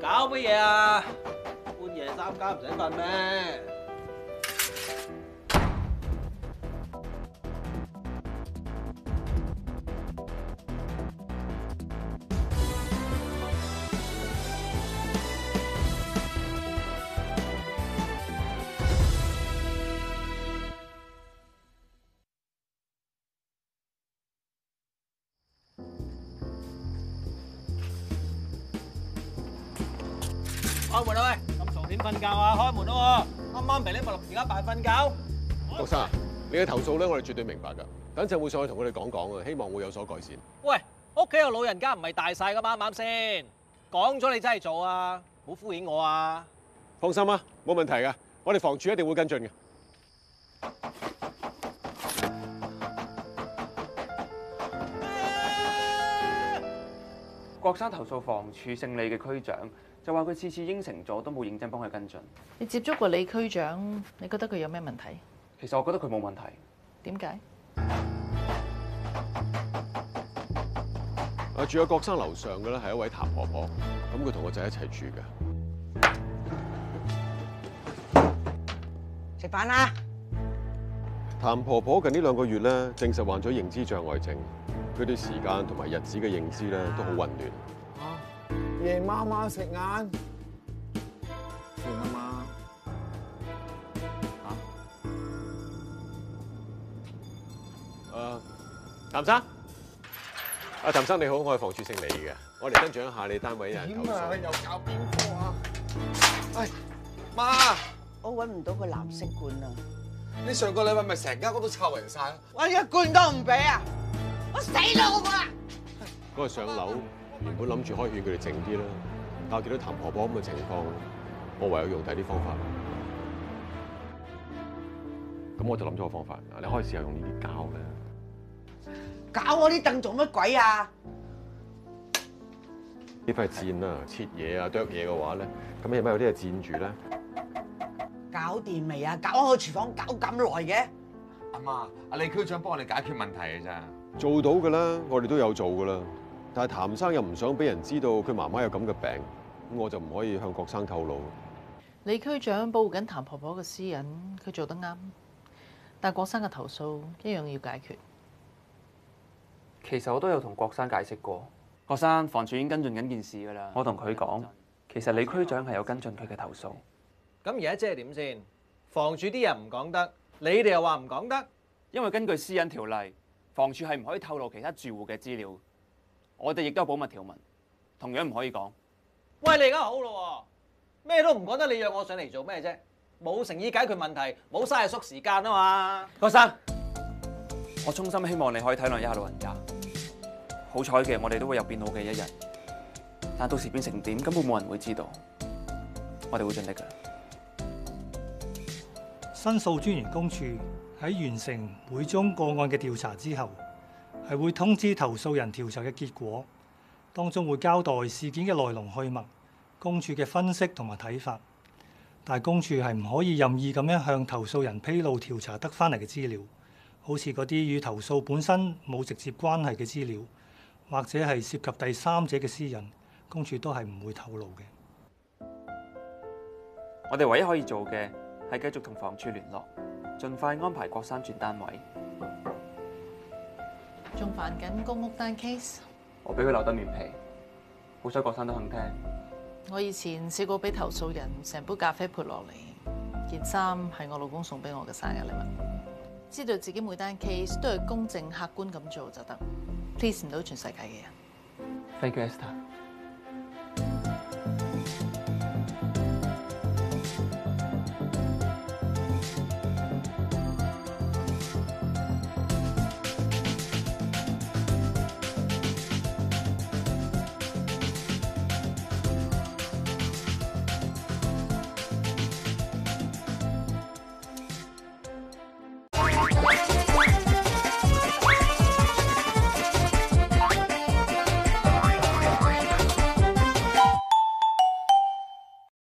搞乜嘢啊？半夜三更唔使瞓咩？開門啦喂！咁嘈，點瞓覺啊？開門咯喎！啱啱平拎物六而家扮瞓覺。郭生，你嘅投訴咧，我哋絕對明白噶。等陣會上去同佢哋講講啊，希望會有所改善。喂，屋企有老人家唔係大晒噶嘛，啱唔啱先？講咗你真係做啊！唔好敷衍我啊！放心啊，冇問題噶，我哋房署一定會跟進嘅。郭生投訴房署姓李嘅區長。就話佢次次應承咗，都冇認真幫佢跟進。你接觸過李區長，你覺得佢有咩問題？其實我覺得佢冇問題。點解？啊，住喺郭生樓上嘅咧，係一位譚婆婆，咁佢同個仔一齊住㗎。食飯啦！譚婆婆近呢兩個月咧，證實患咗認知障礙症，佢對時間同埋日子嘅認知咧都好混亂。夜麻麻食晏，算啦嘛嚇。誒，譚生，阿譚生你好，我係房署姓李嘅，我嚟跟進一下你單位有人。點啊？又搞邊科啊？喂，媽，我揾唔到個藍色罐啊！你上個禮拜咪成間屋都臭匀曬咯，我一罐都唔俾啊！我死咯我！嗰個上樓。原本諗住可以勸佢哋靜啲啦，但我見到譚婆婆咁嘅情況，我唯有用第啲方法。咁我就諗咗個方法，你可以試下用啲膠嘅。搞我啲凳，做乜鬼啊？呢塊係墊啊，切嘢啊，剁嘢嘅話咧，咁你有冇有啲係墊住咧？搞掂未啊？搞開廚房搞咁耐嘅？阿媽，阿李區長幫我哋解決問題嘅咋，做到噶啦，我哋都有做噶啦但係，譚生又唔想俾人知道佢媽媽有咁嘅病，咁我就唔可以向郭生透露。李區長保護緊譚婆婆嘅私隱，佢做得啱。但係，郭生嘅投訴一樣要解決。其實我都有同郭生解釋過，郭生，房署已經跟進緊件事㗎喇。我同佢講，其實李區長係有跟進佢嘅投訴。咁而家即係點先？房署啲人唔講得，你哋又話唔講得，因為根據私隱條例，房署係唔可以透露其他住戶嘅資料。我哋亦都有保密條文，同樣唔可以講。喂，你而家好咯，咩都唔講得，你約我上嚟做咩啫？冇誠意解決問題，冇嘥晒時間啊嘛！郭生，我衷心希望你可以體諒一下老人家。好彩嘅，我哋都會有變好嘅一日，但到時變成點，根本冇人會知道。我哋會盡力嘅。申訴專員公署喺完成每宗個案嘅調查之後，係會通知投訴人調查嘅結果，當中會交代事件嘅來龍去脈、公署嘅分析同埋睇法。但係公署係唔可以任意咁樣向投訴人披露調查得翻嚟嘅資料，好似嗰啲與投訴本身冇直接關係嘅資料，或者係涉及第三者嘅私隱，公署都係唔會透露嘅。我哋唯一可以做嘅係繼續同房署聯絡，盡快安排郭生轉單位。仲犯緊公屋單 case，我俾佢留得面皮，好彩郭生都肯聽。我以前試過俾投訴人成杯咖啡潑落嚟，件衫係我老公送俾我嘅生日禮物。知道自己每單 case 都係公正客觀咁做就得，please 唔到全世界嘅人。Thank you，Esther。